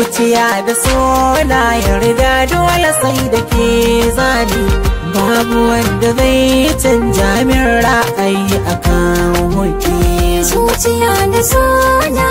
zuciya da sona yarda dole sai da ke zani babu wanda zai canja min ra'ayi akan hoki zuciya da sona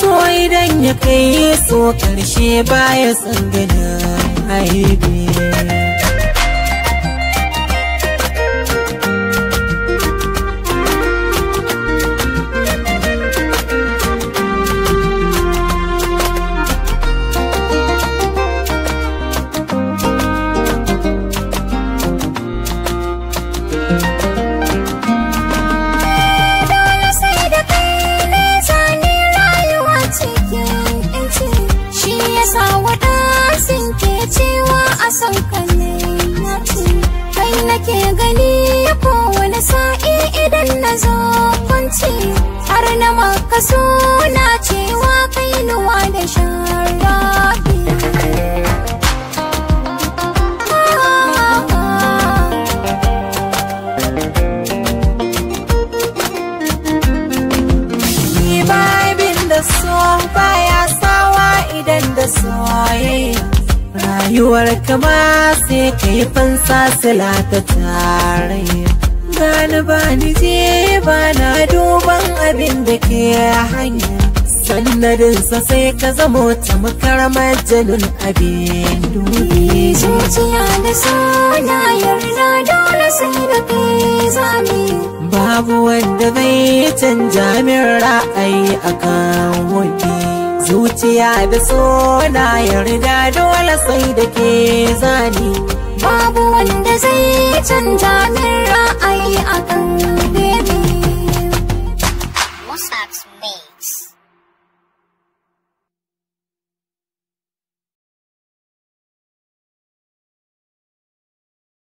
so idan ya kai so karshe baya tsangana haibi son ka ne na kai nake gani ko wani sa'i idan na zo kwanci har na maka suna cewa kai nuwa da sharabi Ni ba da so baya sawa idan da soyayya rayuwar ka ba sai ka yi fansa sila ta tare gani ba ni je ba na duban abin da ke hanya sa, sai ka zamo makar majalin abin dubi zuciya da na yarda dole sai da kai zami babu wanda bai canja min ra'ayi akan wani zuciya da na yarda dole sai da ke zani babu wanda zai canja min